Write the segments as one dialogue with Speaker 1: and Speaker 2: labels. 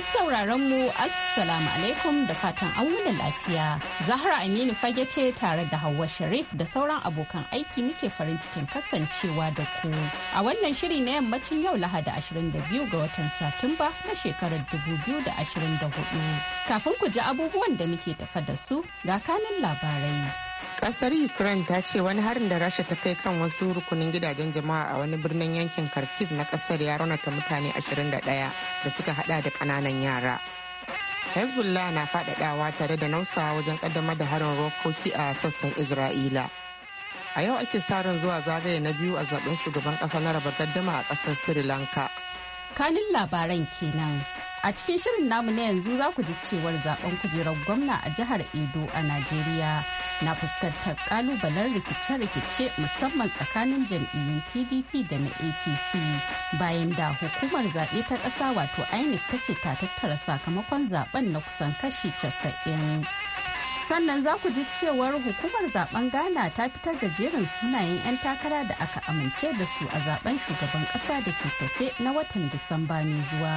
Speaker 1: sauraron mu Assalamu alaikum da fatan an wuni lafiya. Zahra Aminu fage ce tare da Hauwa Sharif da sauran abokan aiki muke farin cikin kasancewa da ku. A wannan shiri na yammacin yau Lahadi 22 ga watan Satumba na shekarar 2024. Kafin ku ji abubuwan da muke tafa da su ga kanin labarai. kasar
Speaker 2: ukraine ta ce wani harin da rasha ta kai kan wasu rukunin gidajen jama'a a wani birnin yankin kharkiv na kasar ya raunata mutane 21 da suka hada da kananan yara hezbollah na faɗaɗawa tare da nausawa wajen ƙaddamar da harin rokoki a sassan isra'ila a yau ake sa ran zuwa zagaye na biyu a zaben shugaban ƙasa na raba gaddama a ƙasar
Speaker 1: sri lanka kanin labaran kenan. A cikin shirin namu na yanzu za ku ji cewar zaben kujerar gwamna a jihar Edo a Najeriya na fuskantar kalubalen rikice-rikice musamman tsakanin jam'iyyun PDP da na APC bayan da hukumar zaɓe ta ƙasa wato INEC ta ce ta tattara sakamakon zaben na kusan kashi 90. sannan za ku ji cewar hukumar zaben ghana ta fitar da jerin sunayen 'yan takara da aka amince da su a zaben shugaban kasa da ke tafe na watan disamba mai zuwa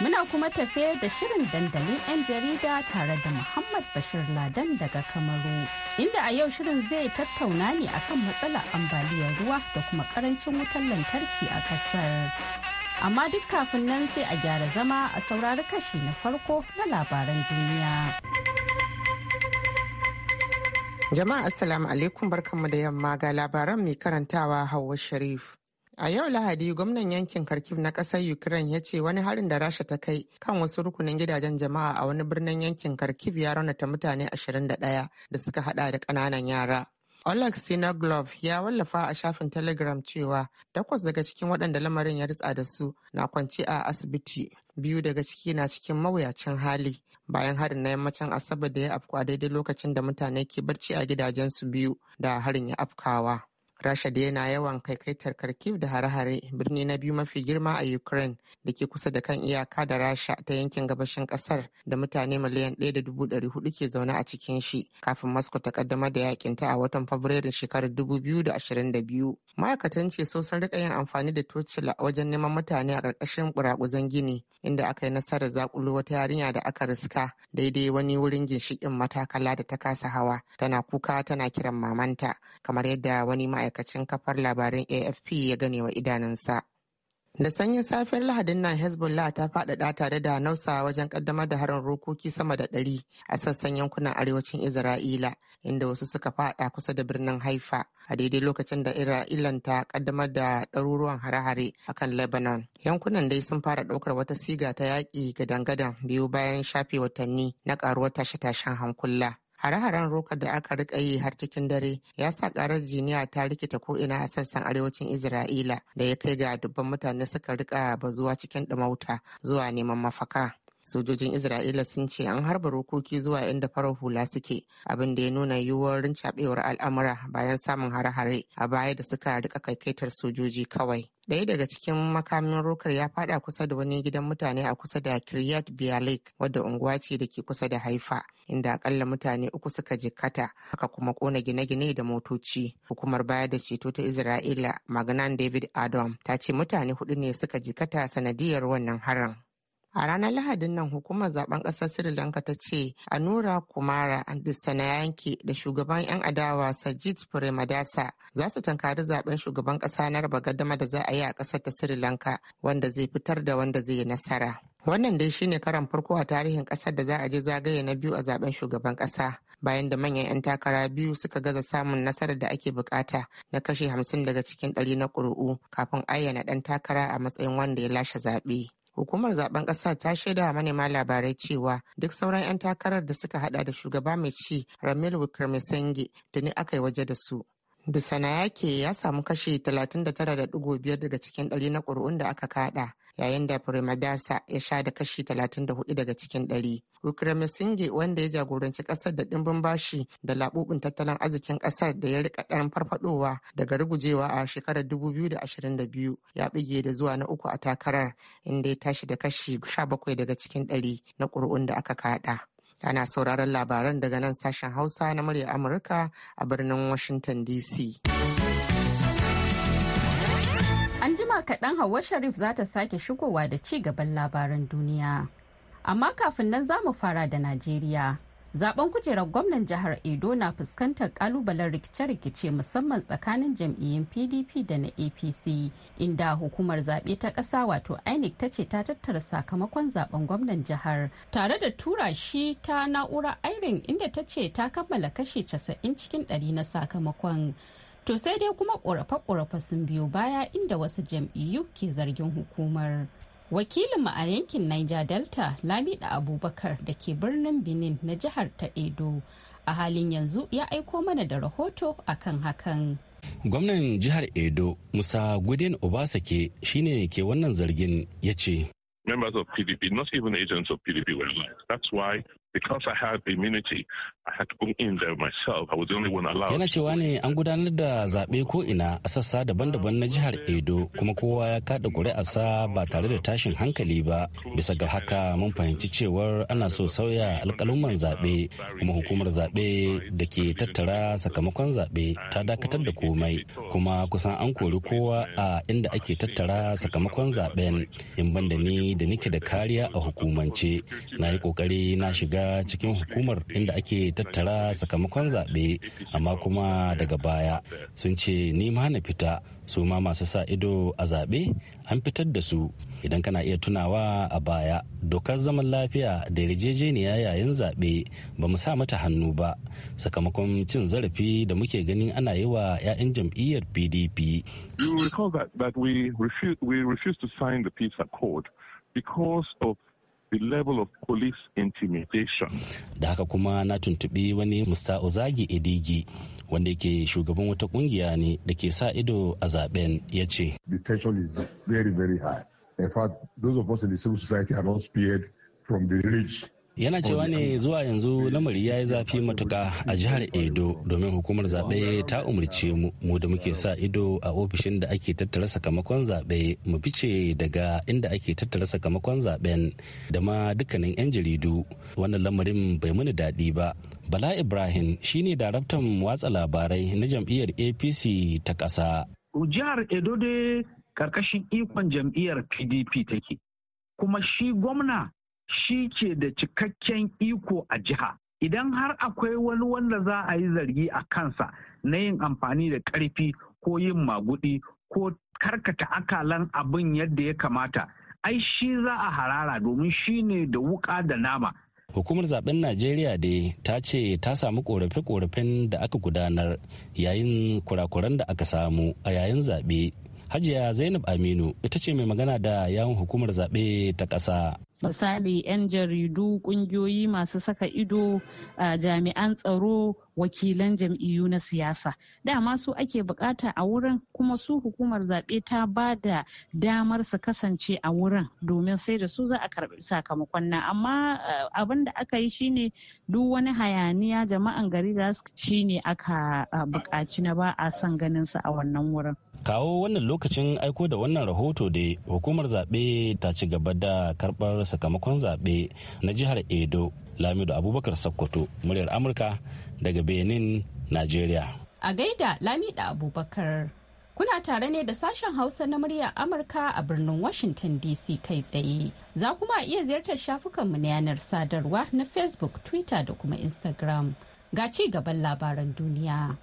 Speaker 1: muna kuma tafe da shirin dandalin 'yan jarida tare da muhammad bashir ladan daga kamaru inda a yau shirin zai tattauna ne akan matsala ambaliyar ruwa da kuma karancin wutar lantarki a
Speaker 3: kasar
Speaker 1: amma duk kafin nan sai a gyara zama a saurari kashi na farko na labaran duniya. Jama'a Assalamu
Speaker 2: alaikum barkanmu da yamma ga labaran mai karantawa Hauwa Sharif. A yau Lahadi gwamnan yankin Kharkiv na ƙasar Ukraine ya ce wani harin da Rasha ta kai kan wasu rukunin gidajen jama'a a wani birnin yankin Kharkiv ya raunata mutane 21 da suka hada da ƙananan yara. Oleg Sinoglov ya wallafa a shafin Telegram cewa takwas daga cikin waɗanda lamarin ya ritsa da su na kwance a asibiti, biyu daga ciki na cikin mawuyacin hali. bayan harin na yammacin asabar da ya afku a daidai lokacin da mutane ke barci a gidajensu biyu da harin ya afkawa. rasha da yana yawan kai-kai, kharkiv da hare-hare birni na biyu mafi girma a ukraine da ke kusa da kan iyaka da rasha ta yankin gabashin kasar da mutane miliyan ɗaya ke zaune a cikin shi kafin moscow ta kaddamar da yakin ta a watan fabrairun shekarar 2022. ma'aikatan ce so sun rika yin amfani da tocila wajen neman mutane a ƙarƙashin ƙurakuzan gini inda aka yi nasarar zakulo wata yarinya da aka riska daidai wani wurin ginshiƙin matakala da ta kasa hawa tana kuka tana kiran mamanta kamar yadda wani ma'aikata ma'aikacin kafar labarin afp ya gane wa idanunsa da sanyin safiyar lahadin nan hezbollah ta faɗaɗa tare da nausa wajen ƙaddamar da harin rokoki sama da ɗari a sassan yankunan arewacin isra'ila inda wasu suka faɗa kusa da birnin haifa a daidai lokacin da isra'ilan ta ƙaddamar da ɗaruruwan hare-hare a kan lebanon yankunan dai sun fara ɗaukar wata siga ta yaƙi gadan-gadan biyu bayan shafe watanni na ƙaruwar tashe-tashen hankula Hare-haren roka da aka rika yi har cikin dare ya sa ƙarar jiniya ta rikita ko'ina a sassan arewacin Isra'ila da ya kai ga dubban mutane suka rika bazuwa cikin ɗumauta zuwa neman mafaka. sojojin isra'ila sun ce an harba rokoki zuwa inda farar hula suke abin da ya nuna yiwuwar rincabewar al'amura bayan samun hare-hare a baya da suka rika kaikaitar sojoji kawai Ɗaya daga cikin makamin rokar ya fada kusa da wani gidan mutane a kusa da kiryat bialik wadda unguwa ce da ke kusa da haifa inda akalla mutane uku suka jikkata haka kuma kona gine-gine da motoci hukumar baya da ceto ta isra'ila maganan david adam ta ce mutane hudu ne suka jikkata sanadiyar wannan harin A ranar Lahadin nan hukumar zaben kasar Sri Lanka ta ce Anura Kumara bisa na da shugaban 'yan adawa Sajid Premadasa za su tankari zaben shugaban ƙasa na raba gaddama da za a yi a kasar ta Sri Lanka wanda zai fitar da wanda zai yi nasara. Wannan dai shine karan farko a tarihin kasar da za a je zagaye na biyu a zaben shugaban ƙasa, bayan da manyan 'yan takara biyu suka gaza samun nasarar da ake bukata na kashe hamsin daga cikin ɗari na ƙuri'u kafin ayyana ɗan takara a matsayin wanda ya lashe zaɓe. hukumar zaben ƙasa ta shaida manema labarai cewa duk sauran 'yan takarar da suka hada da shugaba mai ci ramil da ni aka yi waje da su da yake ya samu kashi 39.5 daga cikin ɗari na ƙuri'un da aka kada yayin da Primadasa ya sha da kashi 34 daga cikin ɗari. ukramesinge wanda ya jagoranci kasar da dimbin bashi da laɓuɓin tattalin arzikin ƙasar da ya rika ɗan farfadowa daga rugujewa a shekarar 2022 ya bige da zuwa na uku a takarar inda ya tashi da kashi 17 daga cikin ɗari na ƙuri'un da aka kaɗa. Ana sauraron labaran daga nan sashen Hausa na murya Amurka a birnin Washington DC.
Speaker 1: An jima kaɗan Hauwa Sharif za ta sake shigowa da ci gaban labaran duniya. Amma kafin nan za mu fara da Najeriya. Zaben kujerar gwamnan jihar Edo na fuskantar kalubalen rikice-rikice musamman tsakanin jam'iyyun PDP da na APC, inda hukumar zaɓe ta ƙasa wato INEC ta ce ta tattara sakamakon zaben gwamnan jihar tare da tura shi ta na'ura irin e inda ta ce ta kammala kashe 90 cikin 100 na sakamakon. To sai dai kuma ƙorafe-ƙorafe sun biyo baya inda wasu jam'iyyu ke zargin hukumar. Wakilinmu a yankin Niger Delta Lamida Abubakar da ke birnin Benin na jihar ta Edo a halin yanzu ya aiko mana da rahoto
Speaker 3: akan hakan. Gwamnan jihar Edo Musa Gudin Obasake shine ke wannan zargin ya ce.
Speaker 4: Members of PDP, not even agents of PDP were That's why because I have immunity, I had to go in there myself. I was the only one allowed. Yana cewa
Speaker 3: ne an gudanar da zaɓe ko ina a sassa daban-daban na jihar Edo kuma kowa ya kaɗa ƙuri'arsa ba tare da tashin hankali ba. Bisa ga haka mun fahimci cewar ana so sauya alƙaluman zaɓe kuma hukumar zaɓe da ke tattara sakamakon zaɓe ta dakatar da komai kuma kusan an kori kowa a inda ake tattara sakamakon zaɓen in banda ni da nike da kariya a hukumance na yi ƙoƙari na shiga cikin hukumar inda ake tattara sakamakon zaɓe amma kuma daga baya sun ce ni ma na fita su ma masu sa ido a zaɓe an fitar da su idan kana iya tunawa a baya dokar zaman lafiya da yarjejeniya yayin zaɓe ba mu sa mata hannu ba sakamakon cin zarafi da muke ganin ana yi wa 'ya'yan jam'iyyar pdp
Speaker 4: because of the level of police intimidation.
Speaker 3: Da haka kuma na tuntuɓi wani Musta Ozagi Edigi wanda yake shugaban wata kungiya ne da ke sa ido a zaben ya ce. The tension is very very high. In fact, those of us in the civil society are not spared from the rage yana cewa ne zuwa yanzu lamari ya yi zafi matuka a jihar edo domin hukumar zaɓe ta umarce mu da muke sa ido a ofishin da ake tattara sakamakon zaɓe mu fice daga inda ake tattara sakamakon zaɓen da ma dukkanin 'yan jaridu wannan lamarin bai muni daɗi ba bala ibrahim shine daraktan watsa labarai na jam'iyyar apc ta ƙasa
Speaker 5: jihar edo dai karkashin ikon jam'iyyar pdp take kuma shi gwamna shi ke da cikakken iko a jiha idan har akwai wani wanda za a yi zargi a kansa na yin amfani da ƙarfi ko yin magudi ko karkata akalan abin yadda ya kamata ai shi za a harara domin shi ne da wuka da nama
Speaker 3: hukumar zaben najeriya da ta ce ta samu korafe-korafen da aka gudanar yayin kurakuran da aka samu a yayin zaɓe hajiya zainab aminu ita ce mai magana da yawon hukumar zaɓe ta ƙasa
Speaker 1: misali 'yan jaridu kungiyoyi masu saka ido a jami'an tsaro wakilan jam'iyyu na siyasa dama su ake bukata a wurin kuma su hukumar zaɓe ta ba da damar su kasance a wurin domin sai da su za a karɓi sakamakon nan amma abin da aka yi shine duk wani hayaniya jama'an gari za su shine aka bukaci na ba a son ganin su a wannan wurin
Speaker 3: kawo wannan lokacin aiko da wannan rahoto da hukumar zaɓe ta ci gaba da karɓar sakamakon zaɓe na jihar edo lamido abubakar sokoto muryar amurka daga benin nigeria
Speaker 1: a gaida lamida abubakar kuna tare ne da sashen hausa na muryar amurka a birnin washington dc kai tsaye za kuma iya ziyartar shafukanmu na yanar sadarwa na facebook twitter da kuma instagram ga ci gaban labaran duniya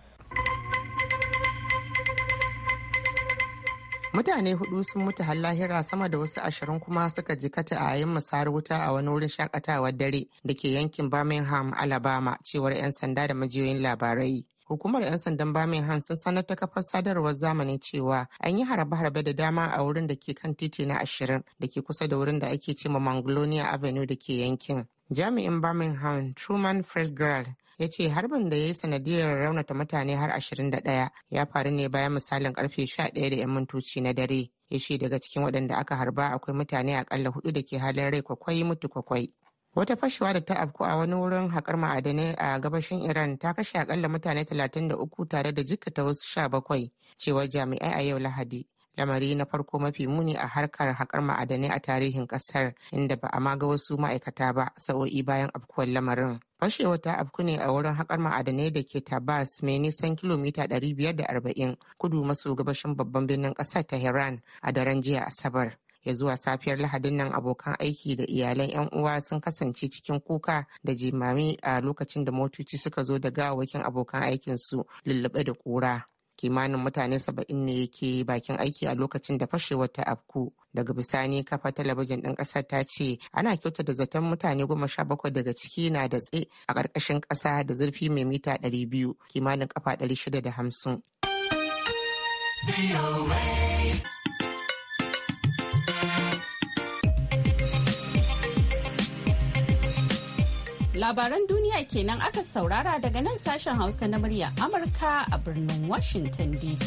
Speaker 1: mutane hudu sun mutu har
Speaker 2: lahira sama da wasu ashirin kuma suka jikata a yayin musayar wuta a wani wurin shakatawar dare da ke yankin birmingham alabama cewar 'yan sanda da majiyoyin labarai hukumar 'yan sandan birmingham sun sanar ta kafar sadarwar zamani cewa an yi harbe-harbe da dama a wurin da ke kan titi na ashirin da ke kusa da wurin da ake cema mangolonia avenue da ke yankin jami'in birmingham truman fredgral ya ce harbin da ya yi sanadiyar raunata mutane har 21 ya faru ne bayan misalin karfe 11 da 'yan mintoci na dare. Ya ce daga cikin waɗanda aka harba akwai mutane akalla hudu da ke halin rai kwakwai mutu kwakwai. Wata fashewa da ta afku a wani wurin haƙar ma'adanai a gabashin Iran ta kashe akalla mutane 33 tare da jikkata wasu 17 cewar jami'ai a yau Lahadi. lamari na farko mafi muni a harkar haƙar ma'adanai a tarihin ƙasar inda ba a maga wasu ma'aikata ba sa'o'i bayan afkuwar lamarin fashewa ta afku ne a wurin haƙar ma'adanai da ke tabas mai nisan kilomita 540 kudu maso gabashin babban birnin ƙasar tehran a daren jiya asabar ya zuwa safiyar lahadin nan abokan aiki da iyalan 'yan uwa sun kasance cikin kuka da jimami a lokacin da motoci suka zo da gawakin abokan aikinsu lullube da kura kimanin mutane saba'in ne yake bakin aiki a lokacin da fashewar ta afku daga bisani kafa talabijin ɗin ƙasar ta ce ana kyauta da zaton mutane goma sha bakwai daga ciki na da tse a ƙarƙashin ƙasa da zurfi mai mita ɗari biyu kimanin ƙafa ɗari shida da hamsin.
Speaker 1: labaran duniya kenan aka saurara daga nan sashen hausa na murya amurka a birnin washington dc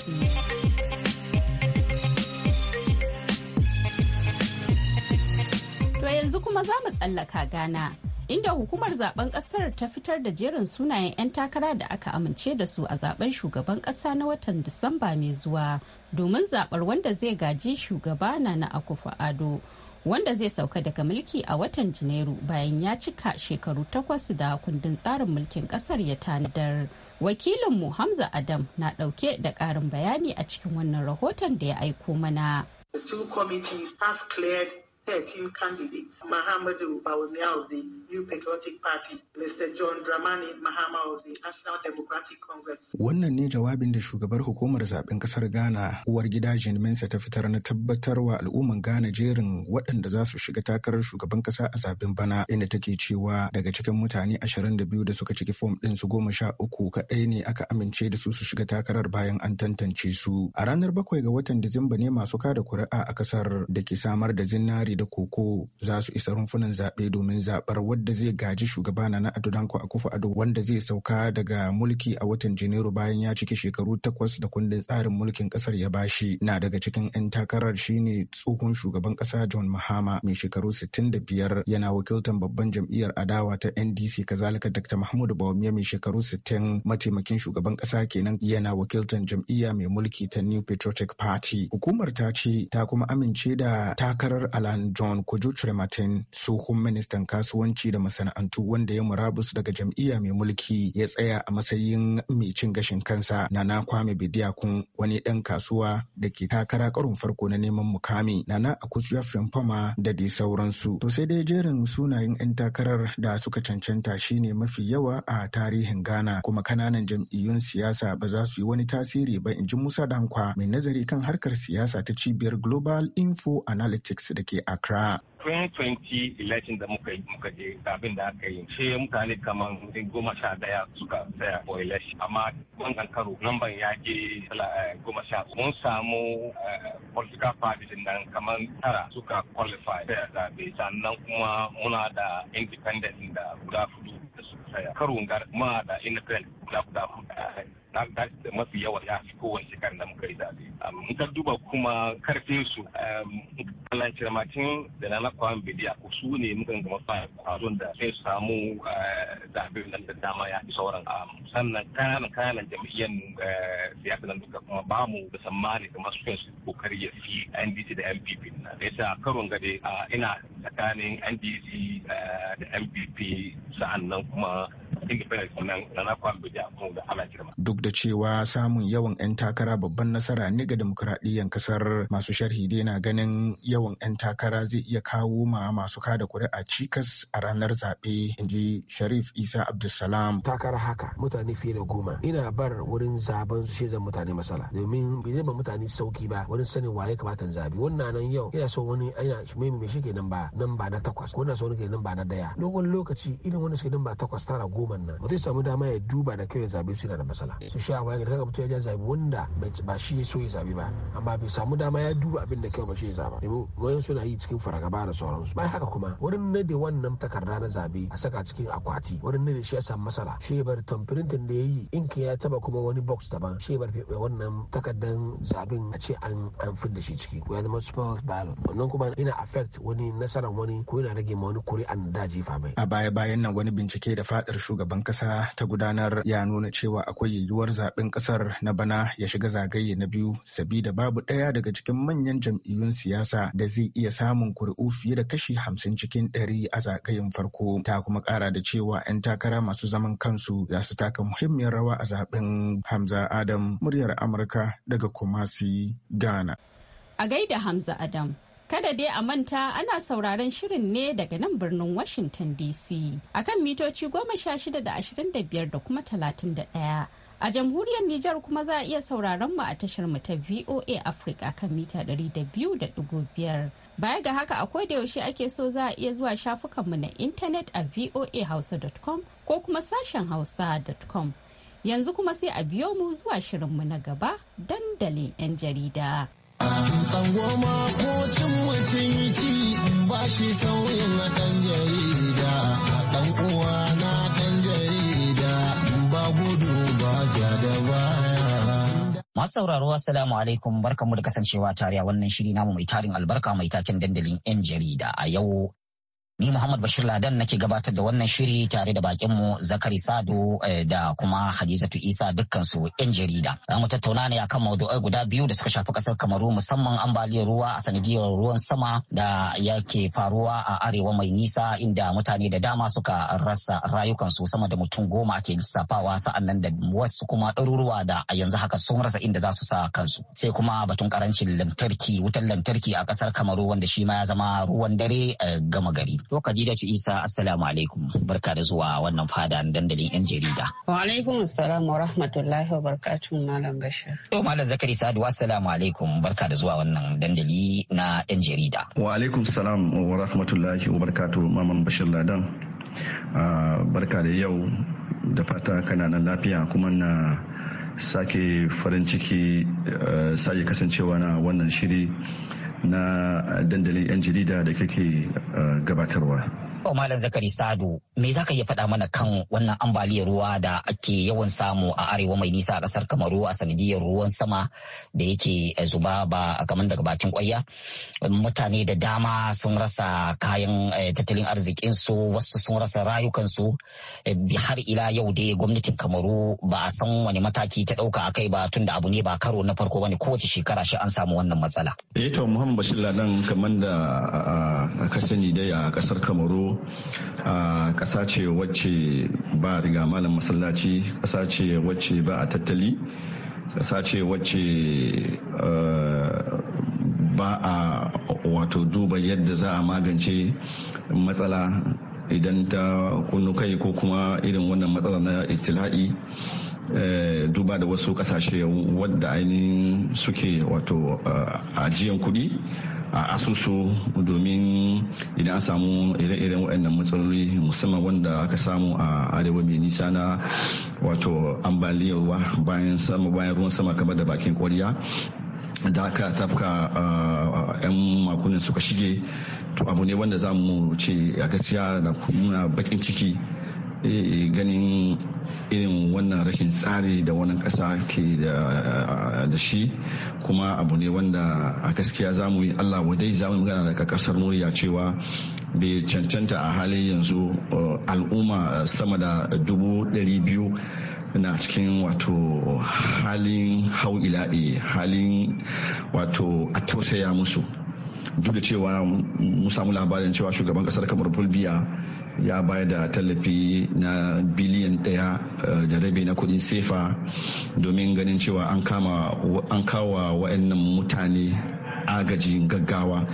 Speaker 1: to yanzu kuma za mu tsallaka gana inda hukumar zaben kasar ta fitar da jerin sunayen 'yan takara da aka amince da su a zaben shugaban kasa na watan disamba mai zuwa domin zabar wanda zai gaji shugaba na na akufa ado wanda zai sauka daga mulki a watan janairu bayan ya cika shekaru takwas da kundin tsarin mulkin kasar ya tanadar wakilinmu hamza adam na dauke da karin bayani a cikin wannan rahoton da ya aiko mana
Speaker 5: The two committees have 13 candidates Mahamudu Bawumia of the New Patriotic Party, Mr. John Dramani Mahama of the National Democratic Congress. Wannan ne jawabin da shugabar hukumar zaben kasar Ghana uwar gida Mensa ta fitar na tabbatar wa al'umman Ghana jerin waɗanda za su shiga takarar shugaban kasa a zaben bana inda take cewa daga cikin mutane 22 da suka ciki fom ɗin su goma sha uku kaɗai ne aka amince da su su shiga takarar bayan an tantance su. A ranar bakwai ga watan Disamba ne masu kada kuri'a a kasar da ke samar da zinari shayi da koko za su isa rumfunan zaɓe domin zaɓar wadda zai gaji shugaba na Ado Danko Akufo Ado wanda zai sauka daga mulki a watan Janairu bayan ya cike shekaru takwas da kundin tsarin mulkin ƙasar ya bashi. Na daga cikin 'yan takarar shine tsohon shugaban ƙasa John Mahama mai shekaru 65 yana wakiltar babban jam'iyyar adawa ta NDC kazalika Dr. Mahmud Bawumia mai shekaru 60 mataimakin shugaban ƙasa kenan yana wakiltar jam'iyya mai mulki ta New Patriotic Party. Hukumar ta ce ta kuma amince da takarar Alan John Kujuchre Martin, tsohon ministan kasuwanci da masana'antu wanda ya murabus daga jam'iyya mai mulki ya tsaya a matsayin mai cin gashin kansa Nana Kwame Bediakun wani ɗan kasuwa da ke takara karon farko na neman mukami Nana Akuzua Frimfama da dai sauransu. To sai dai jerin sunayen 'yan takarar da suka cancanta shine mafi yawa a tarihin Ghana kuma kananan jam'iyyun siyasa ba za su yi wani tasiri ba in ji Musa Dankwa mai nazari kan harkar siyasa ta cibiyar Global Info Analytics da ke a crap.
Speaker 6: 2020 election da muka muka je abin da aka yi sai mutane kamar goma sha daya suka tsaya for election amma wannan karo lambar ya je eh, goma sha mun samu eh, political parties nan kamar tara suka qualify da zabe sannan kuma muna da independent da guda hudu da suka tsaya karo muna da independent guda guda eh, hudu na da mafi yawa ya fi kowane shekara da muka yi zabe mun ka duba kuma karfin su, Alan Cirmatin da na kwan bidiya ko su ne mukan gama faruwan da sai samu eh, zaɓe nan da dama ya fi sauran sannan kananan kananan jam'iyyar eh, siyasa nan duka kuma ba mu da sammani kamar su kansu kokari ya fi NDC da MPP na da yasa karon gade ina tsakanin NDC eh, da MPP sa'annan kuma
Speaker 5: Duk da cewa samun yawan 'yan takara babban nasara ne ga demokuraɗiyyar kasar masu sharhi dai na ganin yawan 'yan takara zai iya kawo ma masu kada kuri'a cikas a ranar zaɓe inji Sharif Isa Abdulsalam. Takara haka mutane fiye da goma ina bar wurin zaben su shezan mutane masala domin bai zai ba mutane sauki ba wurin sanin waye kamata zabi wannan nan yau ina so wani ina mai mai shi nan ba nan ba na takwas ko na so wani nan ba na daya dogon lokaci irin wani suke nan ba takwas tara goma zaben nan ba zai samu dama ya duba da kai ya zabe su yana da matsala su sha waya ga mutum ya zabi wanda ba shi ya so ya zabi ba amma bai samu dama ya duba abin da kyau ba shi ya zaba yabo
Speaker 6: wayan suna yi cikin fargaba da sauransu bai haka kuma wurin ne da wannan takarda na zabe a saka cikin
Speaker 5: akwati wurin ne da shi ya samu matsala shi bar tamfirintin da ya yi inki ya taba kuma wani box daban shi bar wannan takardan zabin a ce an an fidda shi ciki ko ya zama spoiled ballot wannan kuma yana affect wani nasarar wani ko yana rage ma wani kuri'an da jefa mai a baya bayan nan wani bincike da fadar shugaban shugaban kasa ta gudanar ya nuna cewa akwai yiwuwar zaben kasar na bana ya shiga zagaye na biyu sabida babu ɗaya daga cikin manyan jam'iyyun siyasa da zai iya samun kuri'u fiye da kashi hamsin cikin ɗari a zagayen farko ta kuma ƙara da cewa 'yan takara masu zaman kansu za su taka muhimmiyar rawa a zaben hamza adam muryar amurka daga kumasi ghana
Speaker 1: a gaida hamza adam Kada dai a manta ana sauraron shirin ne daga nan birnin Washington DC kan mitoci goma sha shida da ashirin da biyar da kuma talatin da ɗaya. A jamhuriyar Nijar kuma za a iya sauraron mu a tashar mu ta VOA Africa kan mita 200.5. Baya ga haka a da yaushe ake so za a iya zuwa shafukan mu na intanet a voahausa.com ko kuma sashen hausa.com. Yanzu kuma sai a biyo mu zuwa shirin mu na gaba dandalin 'yan jarida. tsangwama ko cin
Speaker 2: mutum ci
Speaker 3: ba shi sauyin na ɗan jarida Dan uwa na ɗan jarida ba gudu ba ja da baya.
Speaker 7: Masu sauraro Assalamu alaikum barkamu da kasancewa tare a wannan shiri namu mai tarin albarka mai taken dandalin 'yan jarida a yau Ni Muhammad Bashir Ladan nake gabatar da wannan shiri tare da bakinmu Zakari Sado eh, da kuma Hadizatu Isa dukkansu 'yan jarida. Za mu tattauna ne akan maudu'ai guda biyu da suka shafi kasar Kamaru musamman ambaliyar ruwa a sanadiyar ruwan sama da yake faruwa a arewa mai nisa inda mutane da dama suka rasa rayukansu sama da mutum goma ake lissafawa sa'an nan da wasu kuma ɗaruruwa da a yanzu haka sun rasa inda za su sa kansu. Sai kuma batun karancin lantarki wutar lantarki a kasar Kamaru wanda shi ma ya zama ruwan dare eh, gama gari. To Khadijatu Isa Assalamu alaikum barka da zuwa wannan fada dandalin 'yan jarida.
Speaker 4: Wa alaikum assalam wa rahmatullahi wa barakatun Malam Bashir.
Speaker 7: To Malam Zakari Sadu Assalamu alaikum barka da zuwa wannan dandali na 'yan jarida.
Speaker 8: Wa alaikum salam wa rahmatullahi wa barakatun Malam Bashir Ladan. Ah, barka da yau da fata kana nan lafiya kuma na sake farin ciki eh, sake kasancewa na wannan shiri na eh, dandalin 'yan jarida da kake eh, gabatarwa.
Speaker 7: To Malam Zakari Sadu, me za ka iya faɗa mana kan wannan ambaliyar ruwa da ake yawan samu a arewa mai nisa a ƙasar Kamaru a sanadiyar ruwan sama da yake eh, zuba ba kamar daga bakin ƙwarya? Mutane da dama sun rasa kayan eh, tattalin arzikinsu, wasu sun rasa rayukansu eh, har ila yau dai gwamnatin Kamaru ba a san wani mataki ta ɗauka a kai ba tun da abu ne ba karo na farko bane kowace shekara shi an samu wannan matsala.
Speaker 8: Eh to Muhammad Bashir Ladan kamar da ka sani dai a ƙasar Kamaru a ƙasa ce wacce ba riga malam masallaci ƙasa ce wacce ba a tattali ƙasa ce wacce eh, ba a wato duba yadda za a magance matsala idan ta kunnu kai ko kuma irin wannan matsala na itila'i eh, duba da wasu ƙasashe wadda ainihin suke wato eh, ajiyan kuɗi A asusu domin idan an samu ire-iren waɗannan matsaloli musamman wanda aka samu a arewa mai nisa na wato ambaliyarwa bayan sama bayan ruwan sama kamar da bakin kwarya da aka tafka 'yan makunan suka shige to abu ne wanda za mu ce a gaskiya na bakin ciki Eh, ganin irin wannan rashin tsari da wannan ƙasa ke da shi kuma abu ne wanda a gaskiya za mu yi allah wadai za mu magana daga ƙasar murya cewa bai cancanta a halin yanzu eh, al'umma sama da dubu ɗari biyu na cikin wato halin hau ila'i halin wato a tausaya musu duk da cewa mu samu labarin cewa shugaban ƙasar kamar bulbiya ya bayar da tallafi na biliyan daya eh, da rabi na kudin sefa domin ganin cewa an kawa wa'annan mutane agajin gaggawa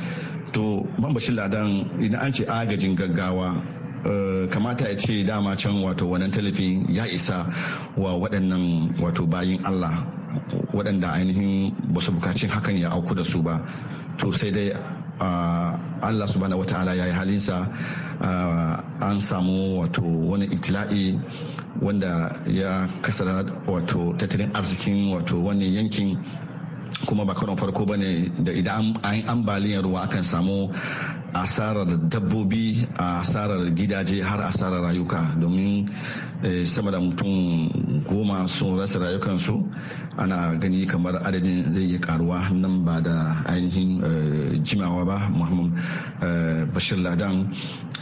Speaker 8: to mambashin ladan idan an ce agajin gaggawa eh, kamata ya ce dama can wato wannan talafin ya isa wa waɗannan wato bayin Allah waɗanda ainihin ba su bukacin hakan ya auku da su ba to sai dai Uh, Allah subhanahu ta'ala ya yi halinsa uh, an samu wato wani itila'i wanda ya kasara wato tattalin arzikin wato wani yankin kuma ba karon farko bane da idan an yi ambaliyar ruwa akan samu asarar dabbobi asarar gidaje har asarar rayuka domin Eh, sama da mutum goma sun rasa rayukansu ana gani kamar adadin zai yi karuwa nan ba da ainihin eh, jimawa ba muhammad eh, bashir ladan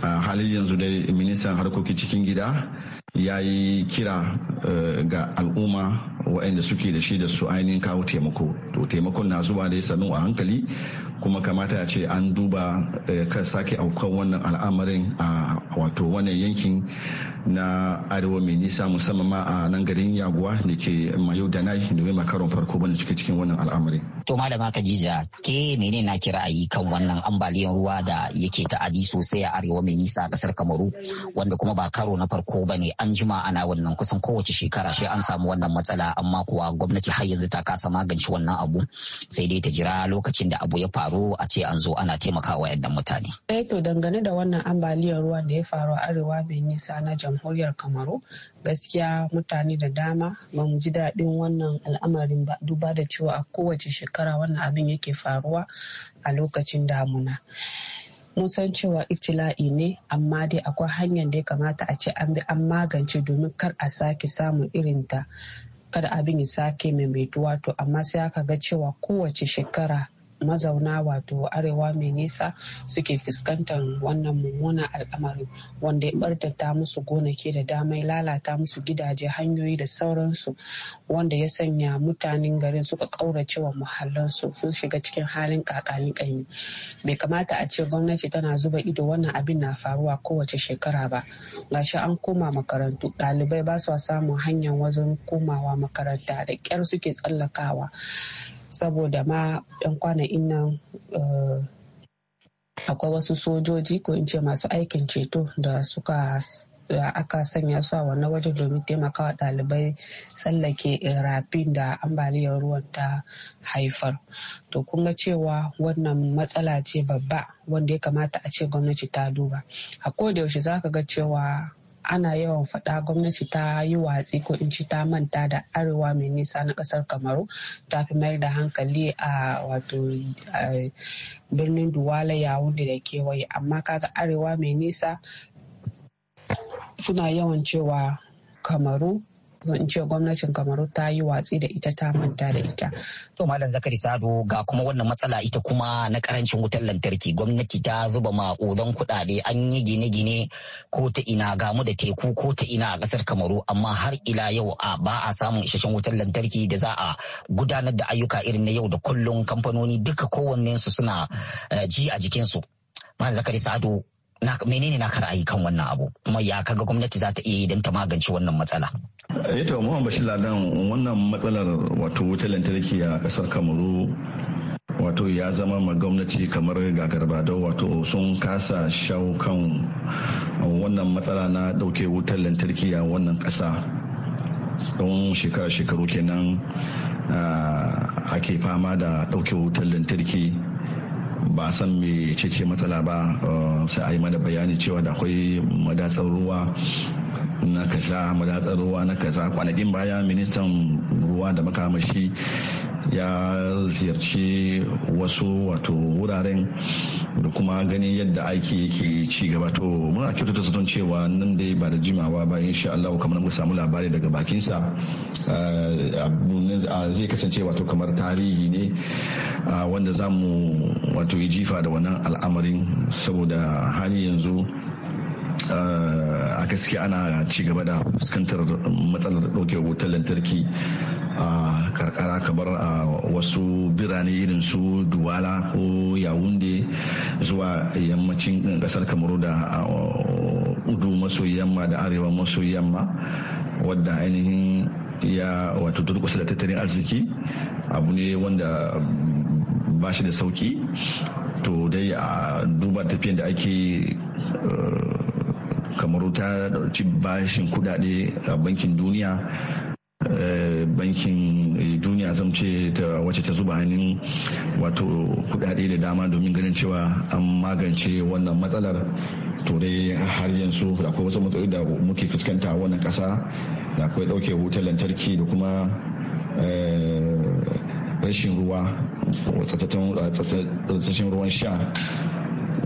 Speaker 8: a halin yanzu dai ministan harkokin cikin gida ya yi kira ga al'umma waɗanda suke da shi da su ainihin kawo taimako to taimakon na zuwa dai sannu a hankali kuma kamata a ce an duba eh, ka sake aukan wannan al'amarin a wato wannan yankin na arewa mai nisa musamman ma a nan garin yaguwa da ke mayo da nai domin makaron farko bane cike cikin wannan al'amarin. to malama khadija ke menene na kira ayi kan wannan
Speaker 7: ambaliyar ruwa da yake ta'adi sosai a arewa mai nisa a kasar kamaru wanda kuma ba karo na farko bane an jima ana wannan kusan kowace shekara sai an samu wannan matsala amma kuwa gwamnati har yanzu ta kasa magance wannan abu sai dai ta jira lokacin da abu ya faru taro a ce an zo ana taimakawa yadda mutane.
Speaker 4: Eh to dangane da wannan ambaliyar ruwa da ya faru a arewa mai nisa na jamhuriyar Kamaru gaskiya mutane da dama ba mu ji daɗin wannan al'amarin ba duba da cewa a kowace shekara wannan abin yake faruwa a lokacin damuna. mun san cewa itila'i ne amma dai akwai hanyar da ya kamata a ce an bi an magance domin kar a sake samun ta kada abin ya sake maimaituwa to amma sai aka ga cewa kowace shekara mazauna wato arewa mai nisa suke fuskantar wannan mummunan al'amarin wanda ya ta musu gonaki da damai lalata musu gidaje hanyoyi da sauransu wanda ya sanya mutanen garin suka ƙaurace wa muhallansu sun shiga cikin halin kakani kanyi bai kamata a ce gwamnati tana zuba ido wannan abin na faruwa kowace shekara ba gashi an koma makarantu ɗalibai ba su samun hanyar wajen komawa makaranta da ƙyar suke tsallakawa saboda ma 'yan kwana nan eh, akwai wasu sojoji ko in ce masu aikin ceto da suka da aka sanya su a wannan wajen domin taimakawa ɗalibai tsallake eh, rafin da ambaliyar ruwan ta haifar to kun ga cewa wannan matsala ce babba wanda ya kamata a ce gwamnati ta duba a koda yaushe za ka ga cewa ana yawan faɗa gwamnati ta yi watsi ko in ci ta manta da arewa mai nisa na ƙasar kamaru ta fi mayar da hankali a wato birnin duwala yawunde da kewaye amma kaga arewa mai nisa suna yawan cewa kamaru ko in ce gwamnatin kamaru ta yi watsi da ita ta manta da ita.
Speaker 7: To Malam Zakari Sado ga kuma wannan matsala ita kuma na karancin wutar lantarki gwamnati ta zuba maƙudan kuɗaɗe an yi gine-gine ko ta ina gamu da teku ko ta ina a ƙasar Kamaru amma har ila yau a ba a samun isasshen wutar lantarki da za a gudanar da ayyuka irin na yau da kullum kamfanoni duka kowanne su suna eh, ji a jikinsu. Malam Zakari Sado menene naka ra'ayi kan wannan abu kuma ya kaga gwamnati za ta iya yi don ta magance wannan matsala
Speaker 8: ita eh muhammad bashir ladan wannan matsalar wato wutar lantarki a kasar kamaru wato ya zama ma gwamnati kamar gagarbado wato sun kasa shawo kan wannan matsala na dauke wutar lantarki a wannan kasa tsawon shekara shekaru kenan ah, ake fama da dauke wutar lantarki ba san me ce matsala ba eh, sai a yi mana bayani cewa da akwai madatsar ruwa na kaza madatsar ruwa na kaza kwanakin baya ministan ruwa da makamashi ya ziyarci wasu wato wuraren da kuma ganin yadda aiki yake ci gaba to muna kyautata zaton cewa nan dai ba da jimawa ba insha Allah kamar mu samu labari daga bakinsa eh, zai kasance wato kamar tarihi ne wanda za mu wato yi jifa da wannan al'amarin saboda hali yanzu Eh, a gaskiya ana ci gaba da fuskantar matsalar ɗaukewar wutar lantarki a karkara kamar a wasu birane irin su duwala ko yawunde zuwa yammacin kasar kamaru da udu maso yamma da arewa maso yamma wadda ainihin ya wato durkusa da tattalin arziki abu ne wanda ba shi da sauki to dai a duba tafiyan da ake eh, kamar ta dauki bashin kudade a bankin duniya eh, bankin duniya zan ce wace ta zuba hannun wato kudade da dama domin ganin cewa an magance wannan matsalar turai har yanzu da akwai wasu matsaloli da muke fuskanta wannan kasa da akwai dauke wutar lantarki da kuma eh, rashin ruwa tsatsashin ruwan sha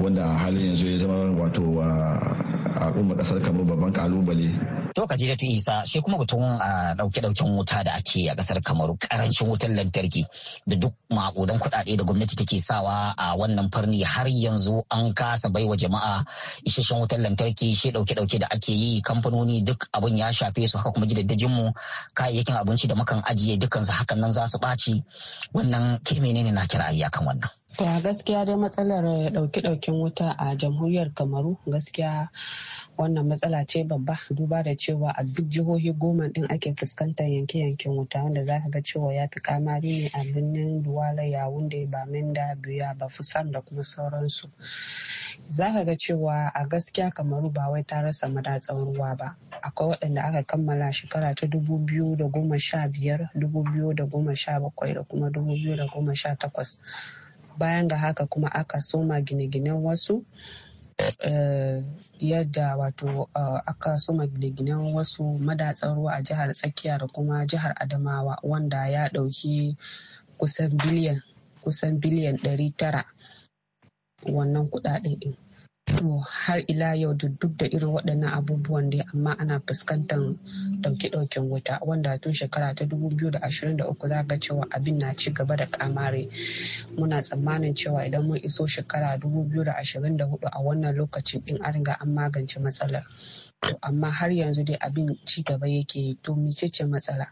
Speaker 8: wanda halin yanzu ya zama wato ah, al'ummar kasar kamar babban kalubale.
Speaker 7: To ka da isa shi kuma batun a ah, dauke ɗauken wuta da ake a kasar kamaru karancin wutar lantarki da duk makudan kuɗaɗe da gwamnati take sawa a wannan farni har yanzu an kasa baiwa jama'a isasshen wutar lantarki shi dauke dauke da ake yi kamfanoni duk abin ya shafe su haka kuma gidaddajin mu kayayyakin abinci da mukan ajiye dukkan su hakan nan za su ɓaci wannan ke menene na kira ayyakan wannan.
Speaker 4: To gaskiya dai matsalar ɗauke-ɗauken wuta a jamhuriyar Kamaru gaskiya wannan matsala ce babba duba da cewa a duk jihohi goma din ake fuskantar yanke-yanken wuta wanda zaka ga cewa ya fi kamari ne a birnin Duwala Yawunde Bamenda Biya fusan da kuma sauransu. zaka ga cewa a gaskiya Kamaru ba wai ta rasa madatsan ruwa ba. Akwai waɗanda aka kammala shekara ta dubu biyu da goma sha biyar, dubu biyu da goma sha bakwai da kuma dubu biyu da goma sha takwas. bayan ga haka kuma aka soma gine-ginen wasu uh, yadda wato uh, aka soma gine-ginen wasu madatsar ruwa a jihar tsakiya da kuma jihar adamawa wanda ya ɗauki kusan biliyan kusan biliyan 900 wannan kudaden din to har ila yau duk da irin waɗannan abubuwan dai amma ana fuskantar ɗauke-ɗauken wuta wanda tun shekara ta 2023 za ga cewa abin na ci gaba da kamare muna tsammanin cewa idan mun iso shekara 2024 a wannan lokacin ɗin an riga an magance matsalar to amma har yanzu dai abin ci gaba yake to ce matsala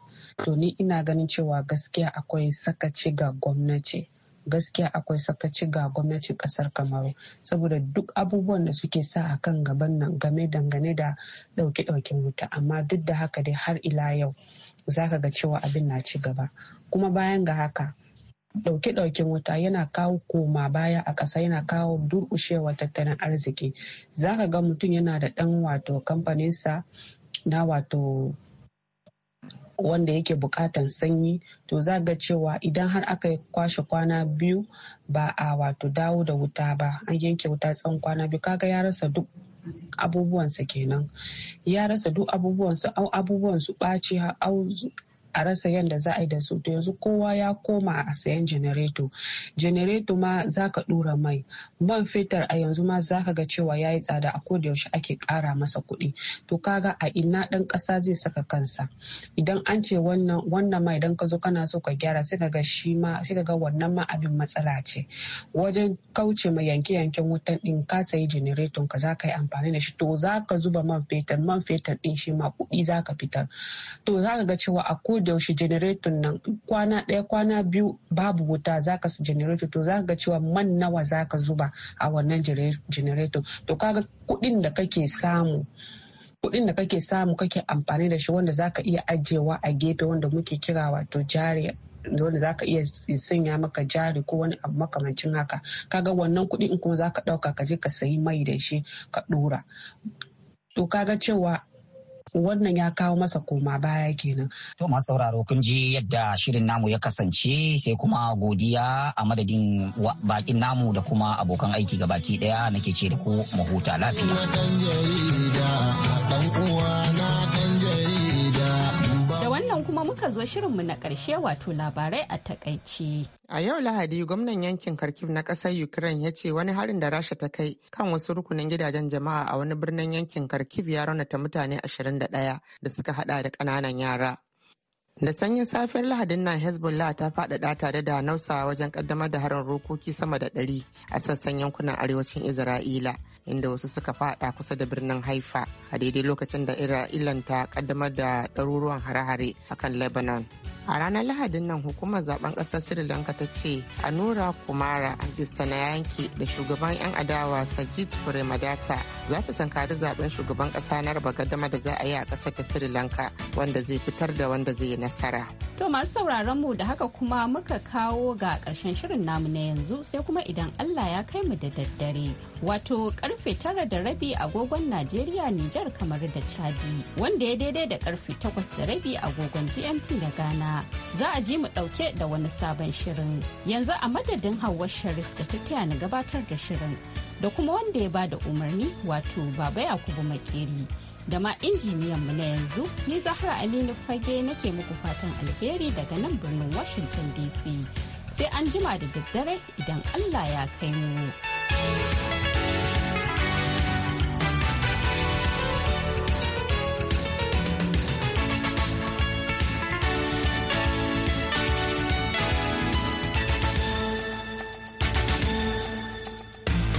Speaker 4: to ni ina ganin cewa gaskiya akwai sakaci ga gwamnati gaskiya akwai sakaci ga gwamnatin kasar kamaru saboda duk abubuwan da suke sa a kan gaban nan game dangane da dauke daukin wuta amma duk da haka dai har ila yau za ka ga cewa abin na ci gaba kuma bayan ga haka dauke daukin wuta yana kawo koma baya a ƙasa yana kawo durƙushewar tattalin arziki za ka ga mutum yana da ɗan wato kamfaninsa na wato wanda yake bukatan sanyi to za ga cewa idan har aka kwashe kwana biyu ba a wato dawo da wuta ba an yanke wuta tsawon kwana biyu kaga ya rasa duk abubuwansa kenan ya rasa duk abubuwansa au abubuwansu ɓaci a rasa yadda za a yi da su to yanzu kowa ya koma a sayan janareto janareto ma za ka dura mai man fetur a yanzu ma za ka ga cewa ya yi tsada a koda yaushe ake kara masa kuɗi to kaga a ina ɗan ƙasa zai saka kansa idan an ce wannan mai ma idan ka zo kana so ka gyara sai ka ga shi ma sai ka ga wannan ma abin matsala ce wajen kauce ma yanke yanken wutan ɗin ka sayi janareton ka za ka yi amfani da shi to za ka zuba man fetur man fetur ɗin shi ma kuɗi za ka fitar to za ka ga cewa a da yaushe generator nan kwana ɗaya kwana biyu babu wuta za ka su generator to za ga cewa man nawa za ka zuba a wannan generator to kaga kuɗin da kake samu kuɗin da kake samu kake amfani da shi wanda za ka iya ajiyewa a gefe wanda muke kira wato jari wanda za ka iya sanya maka jari ko wani abu makamancin haka kaga wannan kuɗi in kuma za ka ɗauka ka je ka sayi mai da shi ka ɗora to kaga cewa wannan ya kawo masa koma baya kenan. To masu sauraro kun ji yadda shirin namu ya
Speaker 7: kasance sai kuma godiya a madadin bakin namu da kuma abokan aiki ga baki daya nake ce da ku mu lafiya.
Speaker 1: kuma muka zo shirinmu na ƙarshe wato labarai
Speaker 2: a takaice. A yau Lahadi gwamnan yankin Kharkiv na ƙasar Ukraine ya ce wani harin da Rasha ta kai kan wasu rukunin gidajen jama'a a wani birnin yankin Kharkiv ya raunata mutane 21 da suka hada da ƙananan yara. da sanyin safiyar lahadin nan hezbollah ta faɗaɗa tare da nausa wajen kaddamar da harin rokoki sama da ɗari a sassan yankunan arewacin isra'ila inda wasu suka faɗa kusa da birnin haifa a daidai lokacin da isra'ilan ta kaddamar da ɗaruruwan hare-hare a kan lebanon a ranar lahadin nan hukumar zaben ƙasar sri lanka ta ce anura kumara bisa na yanki da shugaban 'yan adawa sajid premadasa za su tankari zaben shugaban ƙasa na raba gaddama da za a yi a ƙasar ta sri lanka wanda zai fitar da wanda zai yi nasara.
Speaker 1: To masu sauraron mu da haka kuma muka kawo ga ƙarshen shirin namu na yanzu sai kuma idan Allah ya kai mu da daddare. Wato karfe tara da rabi agogon Najeriya Nijar kamar da Chadi wanda ya daidai da karfe takwas da rabi agogon GMT da Ghana. Za a ji mu ɗauke da wani sabon shirin. Yanzu a madadin Hauwa Sharif da ta taya ni gabatar da shirin da kuma wanda ya ba da umarni wato Baba Yakubu Makeri. da ma injiniyan mu na yanzu ni zahra aminu fage nake muku fatan alheri daga nan birnin washington dc sai an jima da daddare idan allah ya kai mu.